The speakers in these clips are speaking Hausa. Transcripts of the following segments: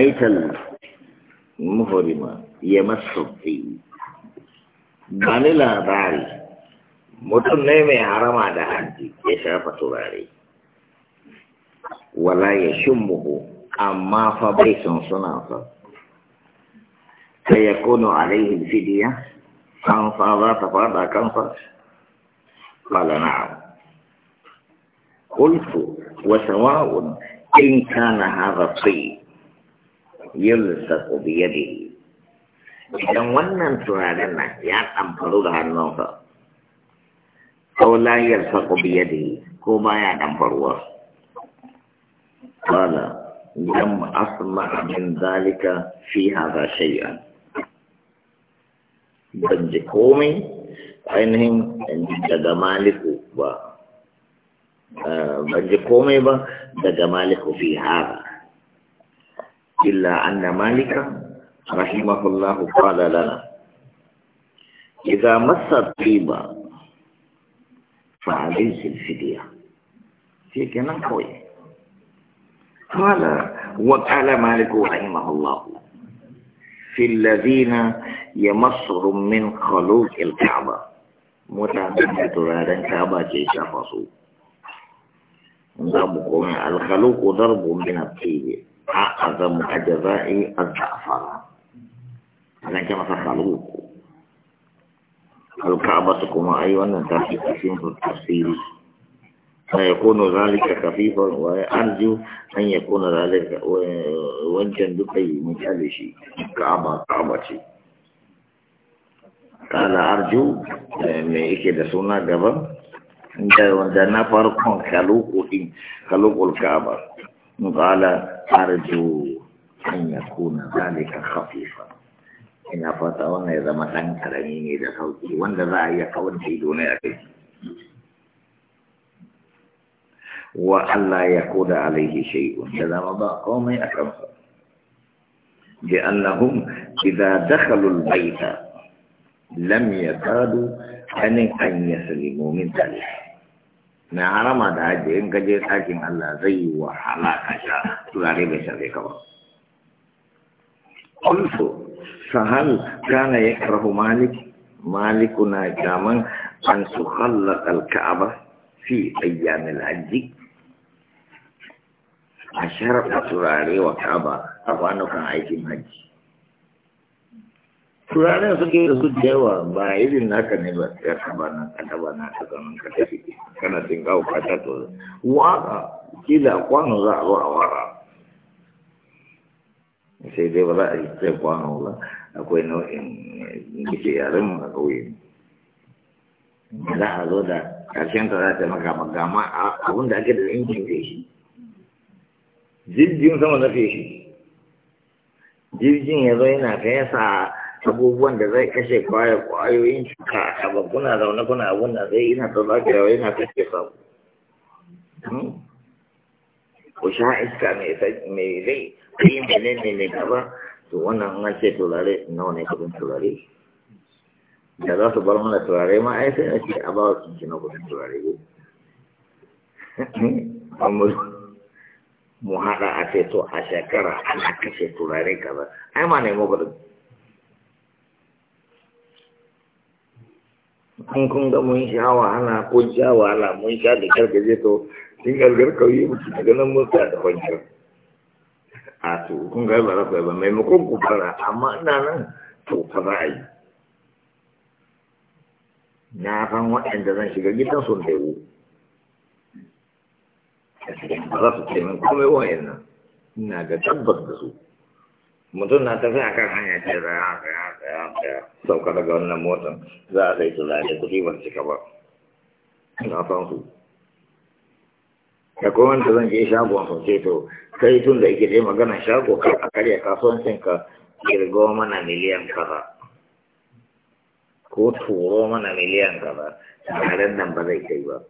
هيكل مهرمة يمس في بانيلا باري مطن نيمي حرما ده حدي يشرف تباري ولا يشمه أما فبيس صنافة فيكون عليه الفدية كان فاضا تفاضا قال نعم قلت وسواء إن كان هذا الطيب يلزق بيده إذن ونن تنادنا يا تنفرو لها النوفا أو لا يلزق بيده كما يا تنفروا قال لم أسمع من ذلك في هذا شيئا بند قومي عينهم عند الجمالك و آه، بند قومي بند جمالك في هذا إلا أن مالك رحمه الله قال لنا إذا مس الطيب فعليه الفدية في كنا قوي قال وقال مالك رحمه الله في الذين يمصهم من خلوق الكعبة متعبين ترادا كعبة كيف فصول ضربكم الخلوق ضرب من الطيب أعظم أجزاء الزعفران أنا كما تخلوك الكعبة كما أيوة تحت تسين في التفسير فيكون ذلك خفيفا وأرجو أن يكون ذلك وجها لكي من كل شيء الكعبة كعبة شيء قال أرجو من إكيد سنة قبل da na farkon kalukul kalukul الكعبة قال أرجو أن يكون ذلك خفيفا إن أفضت أن إذا ما تنكر أن إذا فوتي وأن ذا يقول في دونك وأن لا يكون عليه شيء إذا مضى قومي أكبر لأنهم إذا دخلوا البيت لم يكادوا أن أن يسلموا من ذلك na harama da hajji in gaje tsakin Allah zai yi wahala halaka sha turare bai shafe ka ba. Also, sahal kana ya karfi malik maliku na jaman an su hallaka alka'aba fi ayyamin haji. a sharafa turare wa ka'aba a kwanukan aikin hajji. turanen suke da su da yawa ba irin naka ne ba ya taba na ka taba na ka zaman ka tafi kana cin kawo ka ta to waka kila kwano za a zo a wara sai dai ba za a yi sai kwano ba akwai nau'in gike yaren mu a ƙauye za a zo da ƙarshen ta za ta maka maka ma abin da ake da injin feshi jirgin sama na feshi jirgin ya zo yana fesa abubuwan da zai kashe kwaya kwayoyin cuta a ba kuna zaune kuna abun da zai yana ta zaka yawa yana kashe sabu hmm? ku sha iska mai zai yi mene ne ne gaba to wannan an ce turare nawa ne kudin turare da za su bar mana turare ma ai sai a a ba wa kinki na kudin turare ko mu haɗa a ce to a shekara ana kashe turare kaza ai ma nemo kudin in kun ga mun sha wahala ko sha wahala mun sha da gargaje to sun gargar kauye mutu daga nan mun sa da kwanciyar a to kun ga ba rafa ba maimakon ku fara amma ina nan to fa za a yi na san waɗanda zan shiga gidan sun da yiwu ba za su ce min komai wa'in nan ina ga tabbas da su mutum na tafi akan hanya ce raya raya raya raya sauka daga wannan motan za a sai tula da kuɗi ban cika ba na san su da kuma wanda zan je shagon su ce to kai tun da ike je magana shago ka a karya kasuwancin ka kirgo mana miliyan kaza ko turo mana miliyan kaza taron nan ba zai kai ba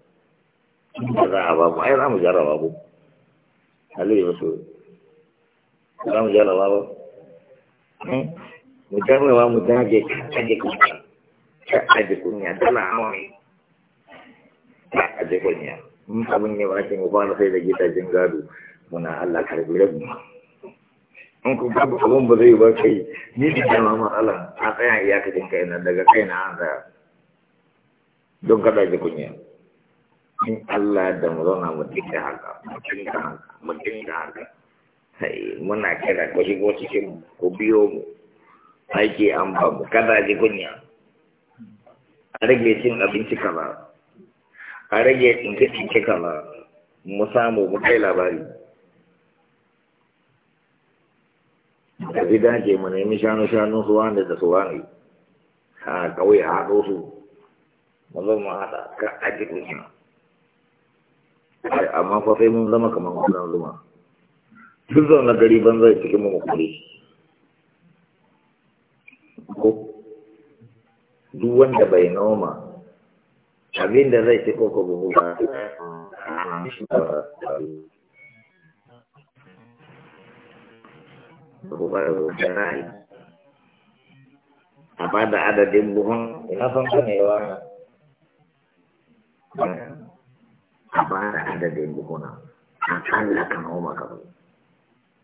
ba za a ba mu ai za mu jarraba mu Aliyu ba su za mu jarraba ba mu jarrawa mu dage aje kunya aje kunya dala amai ta aje kunya mun abin ne ba mu na sai da gidajen gado muna Allah karbi rabu in ku babu abin ba zai ba kai ni da jama matsala a tsaya iyakacin kai na daga kai na an tsaya don kada ji kunya in Allah da mu zauna mu dinga haka mu dinga haka mu dinga haka muna kira ku shigo cikin ku biyo mu aiki an ba mu kada ji kunya a rage cin abinci kaza a rage tsinke-tsinke kaza mu samu mu kai labari da fi dace mu nemi shanu-shanu suwa ne da suwa ne a kawai a haɗo su mu zo mu haɗa kan aji kunya amma fa sai mun zama kamar kudan zuma duk zaune gari ban zai cikin mamukuri ko duk wanda bai noma abin da zai ci koko buhu ba a ba da adadin buhun ina son kanewa a ba da adadin buhuna a tsallaka noma kawai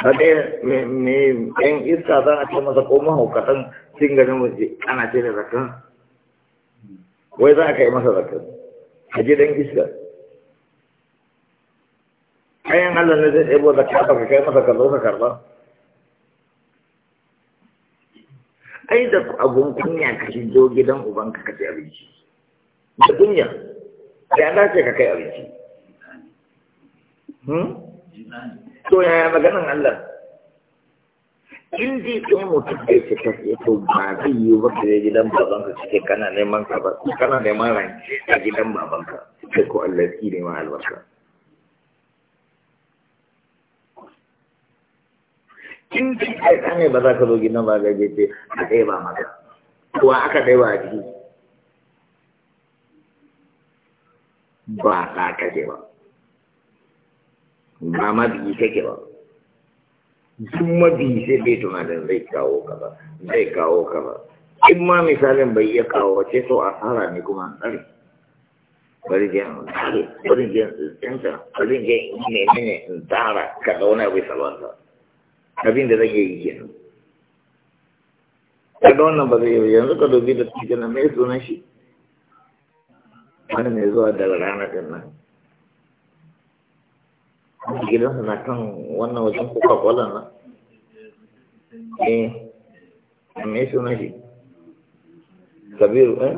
kaɗai ne yan iska za a ce masa ko mahaukatan cin garin waje ana ce da zakan wai za a kai masa zakan a ji dan iska kayan allah ne zai ɗebo zakka ba ka kai masa ka zo ka karɓa ai da abun kunya ka shigo gidan ubanka ka ci abinci da kunya da ya dace ka kai abinci hmm? to yaya maganin Allah in kuma mutum da ke ta ya to ba zai yi ba ka gidan babanka cike kana neman ka ba kana neman rance a gidan babanka sai ko Allah ki ne ma albarka in ji kai ne ba za ka zo gidan ba ga ce a kai ba maka kuwa aka dai ba a ba ka kaje ba ba ma biyi ke ba duk mabiyi sai bai tunanin zai kawo ka ba zai kawo ka ba in ma misalin bai iya kawo ce so tsara ne kuma an tsare bari je an tsare bari je an tsinta bari je in ne ne in tsara ka zauna bai salwanta abin da zai yi kenan kada wannan ba zai yi yanzu ka dubi da cikin mai sunan shi wani mai zuwa daga din nan gidansa na kan wannan wajen kuka kwallon nan eh me suna shi kabiru eh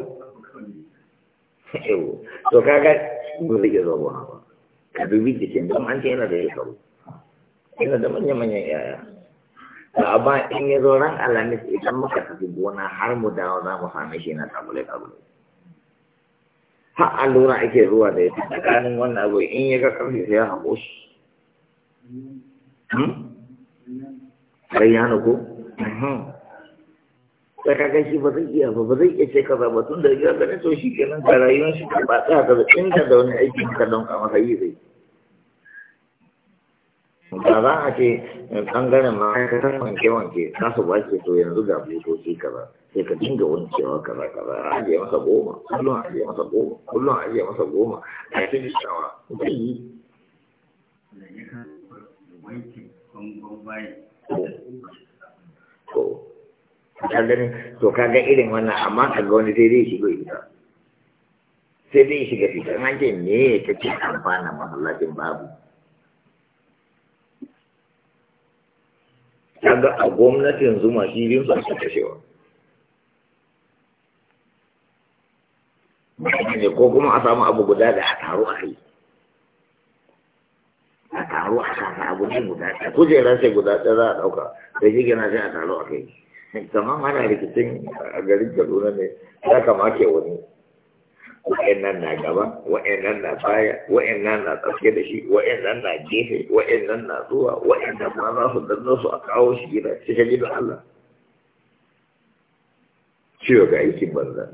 to kaga ba zai zo ba ka dubi da ke don an yana da yana da manya-manyan yaya da in ya zo alamis idan har mu dawo za mu same shi na ake zuwa da ya fi tsakanin wannan abu in ya ga karfi sai ya haƙo shi Hmm? rayyana ko hmm. sai ka gashi ba zai iya ba ba zai iya ce kaza ba tun da ya gane to shi kenan ka rayuwar shi ba ta ka da inda da wani aikin ka don ka masa yi zai ba za a ce ɓangaren ma'aikatar wanke-wanke za su ba ce to yanzu ga butoci kaza sai ka dinga wankewa kaza kaza a ajiye masa goma kullum a ajiye masa goma kullum a ajiye masa goma a cikin shawa zai yi to ka gani to ka irin wannan amma kaga wani sai dai shigo ita sai dai shiga fita an ce me kake amfana masallacin babu kaga a gwamnatin zuma filin su ake kashewa ne ko kuma a samu abu guda da a taru a kai a taro a kasa abu ne guda ɗaya kujerar sai guda ɗaya za a ɗauka da shi gina sai a taro a kai kamar ana rikicin a garin kaduna ne ya kamata wani wa'annan na gaba wa'annan na baya wa'annan na tsaske da shi wa'annan na gefe wa'annan na zuwa wa'annan ma za su danna su a kawo shi shi, cikin gidan Allah ciwo ga aikin banza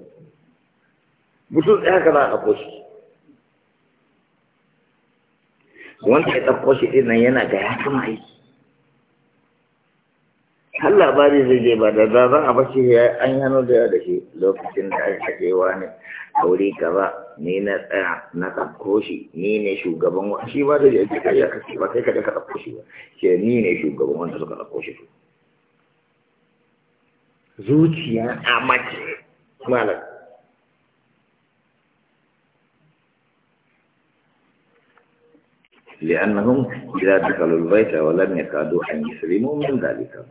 mutum ɗaya kana a kusa wanda ya ɗauko shi ɗin nan yana da ya kama yi har labari zai je ba da za za a bashi ya an yano da da shi lokacin da aka ce wani aure gaba ni na tsaya na ɗauko shi ni ne shugaban wa shi ba da yake kai ya kashe ba kai ka da ka ɗauko shi ba ce ni ne shugaban wanda suka ɗauko shi zuciya a mace malam لأنهم إذا دخلوا البيت ولم يكادوا أن يسلموا من ذلك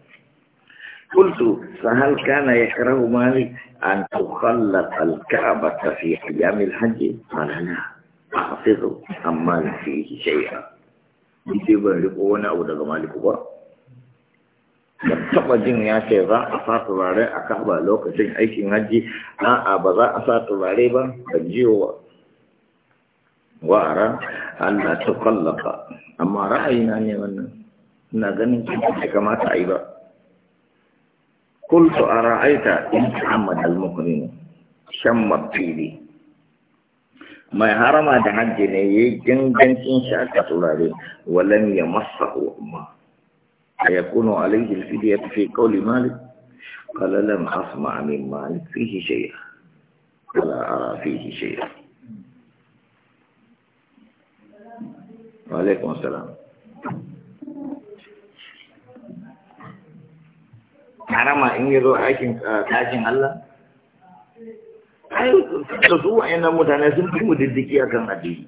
قلت فهل كان يكره مالك أن تخلق الكعبة في أيام الحج قال لا أحفظ أما فيه شيئا يجب أن يكون أو دغ مالك taba jin ya ce za a sa turare a kaba lokacin aikin hajji a'a ba za a sa turare ba da jiyo وأرى أن تقلق أما رأينا أن نغني كما تعيب قلت أرأيت إن محمد المؤمن شم الطيب ما حرم هذا حج ني جن إن شاء الله ولم يمسه ما يكون عليه الفدية في قول مالك قال لم أسمع من مالك فيه شيئا ولا أرى فيه شيئا وعليكم السلام harama in yi zo aikin ah, tashin Allah? Ai, da su wa'annan mutane sun fi mu diddiki a kan addini.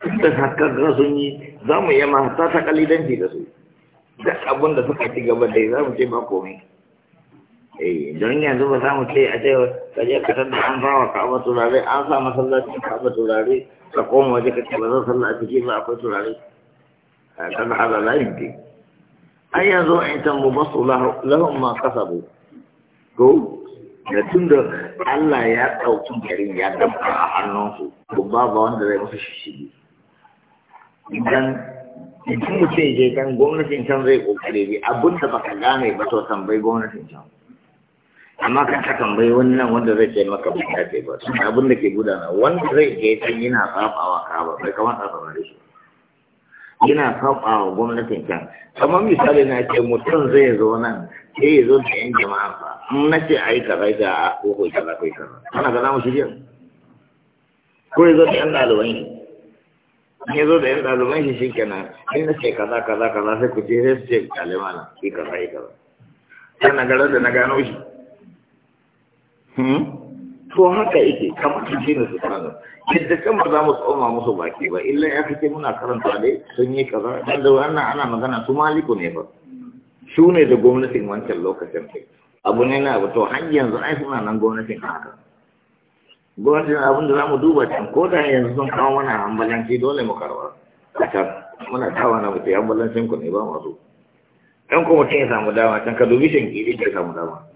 haka hakkaka sun yi za mu yi masu ta kalidanci da su. da abin da suka ci gaba da za mu ce ba komai. eh don yanzu ba za mu ce a cewa ka je ka tada an ba wa ka'aba turare an sa masallacin ka'aba turare ka koma waje ka ce ba zan sallah a ciki ba akwai turare a kada ala layin ke ai yanzu in can mu basu lahun ma kasabu ko da tun da Allah ya ɗauki garin ya damfa a hannunsu to babu wanda zai musu shishigi idan idan mutum je kan gwamnatin can zai kokare bi abinda baka gane ba to tambayi gwamnatin can amma ka ta tambayi wannan wanda zai ce maka bai ce ba sun abin da ke gudana wanda zai je can yana sabawa ka ba bai kamata ka bare shi yana sabawa gwamnatin can kamar misali na ce mutum zai zo nan sai yi zo da yan jama'a ba in na ce a yi kaza ga a koko kaza kai kaza ana ga namu shirya ko ya zo da yan ɗaliban shi ya zo da yan ɗaliban shi shi kenan in na ce kaza kaza kaza sai ku je sai su ce ɗaliban shi kaza yi kaza sai na gara da na gano shi Hmm? to haka yake kamar su ji na su kana yadda kan ba za mu tsoma musu baki ba illa ya fice muna karanta dai sun yi kaza dan da wannan ana magana su maliku ne ba su ne da gwamnatin wancan lokacin kai abu ne na abu to har yanzu ai suna nan gwamnatin haka gwamnatin abin da za mu duba can ko da yanzu sun kawo mana ambalanci dole mu karba a can muna kawo na mutu ambalancin ku ne ba masu ɗan kuma mutum ya samu dama can ka dubi shan kiri ya samu dama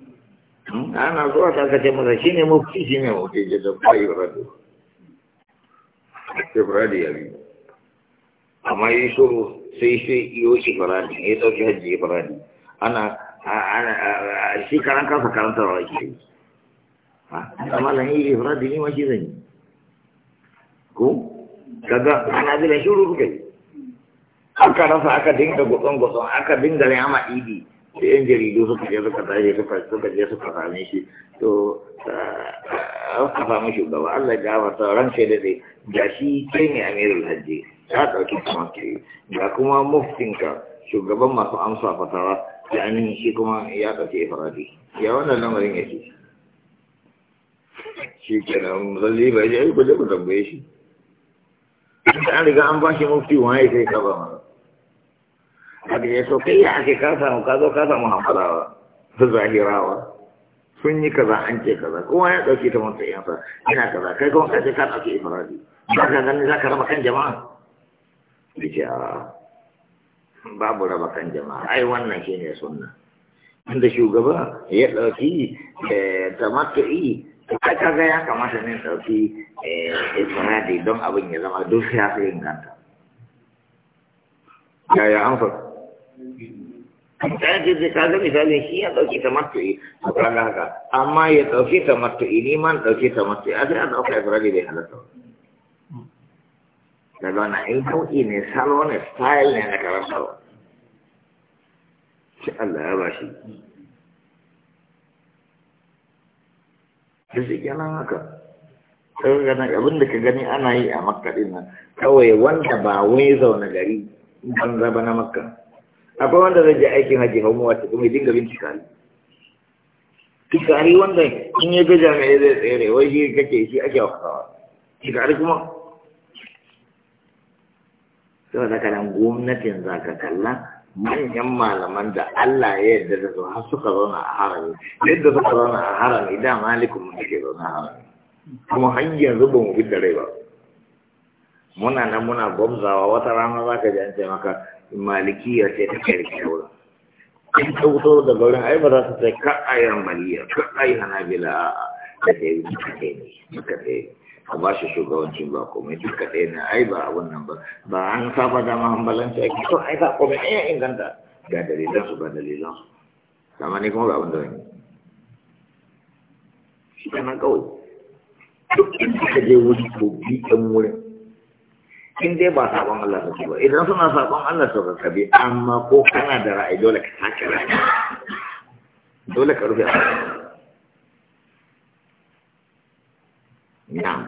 ana zuwa ta kace masa shi ne mafi shi ne mafi da da kwayo rado ibradi ya biyu amma yi shuru sai sai iyo shi faradi ya dauki hajji faradi ana shi karan kansa karanta wa shi amma lan yi faradi eh, ne ma shi zan ko kaga ana zira shuru kuka yi aka rasa aka dinga gutsun gutsun aka dinga ne rama idi yan jaridu suka je suka tashi suka je suka same shi to eh, aka samu shugaba Allah ya gafarta sauran sai dai ga shi ke ne amirul hajji ya ɗauki kuma ke ga kuma muftinka shugaban masu amsa fatara da amini shi kuma ya ɗauki ifradi ya wannan lamarin ya ce shi na zalli bai ya ku je ku tambaye shi an riga an ba shi mufti waye sai ka ba mana daga ya so kai ake ka samu ka zo ka samu hamfarawa zahirawa sun yi kaza an ce kaza kuma ya ɗauki ta matsayansa ina kaza kai kuma kaje ka ɗauki ifirari ba ka gani za ka raba kan jama'a ce a babu raba kan jama'a ai wannan shi ne sunna inda shugaba ya ɗauki eh, tamattu'i ta kaga ya kamata ne ɗauki eh, ifirari don abin ya zama duk ya fi inganta yaya an faɗa Saya jadi kadang misalnya siap atau kita mati, bukan haka. Amma ya tahu kita mati ini man tahu kita mati. Ada ada apa yang berada di atas tu. Kalau nak itu ini salon style yang nak kalau tahu. Allah basi. Jadi jangan haka. Kalau kena abang dekat gani anak ini amat kat ini. Kau yang wanda bawa zaune gari, bangga bana makan. akwai wanda zai je aikin haji hau mawa cikin mai dinga bincika ne tikari wanda in ya ga jami'ai zai tsere wai shi kake shi ake wakawa tikari kuma sau da kanan gwamnatin za ka kalla manyan malaman da Allah ya yarda da su har suka zauna a harami yadda suka zauna a harami da malikun mun ke zauna a harami kuma hanyar yanzu ba mu da rai ba muna nan muna gwamzawa wata rana za ka ji an ce maka malikiya ce ta kai rike wurin in da gaurin ai ba za ta sai ka ayar maliya ka ayi a da ta yi duka ne duka ɗaya a ba shi shugabancin ba komai duka ɗaya ai ba abun nan ba ba an saba dama hambalanci ake so ai ba komai ai ya inganta ga dalilansu ga dalilansu kama ne kuma ga abin da wani shi kana kawai duk inda ka je wuri ko bi ɗan wurin in dai ba sabon Allah suke ba idan suna sabon Allah su bi amma ko kana da ra'ayi dole ka sake ra'ayi dole ka rufe a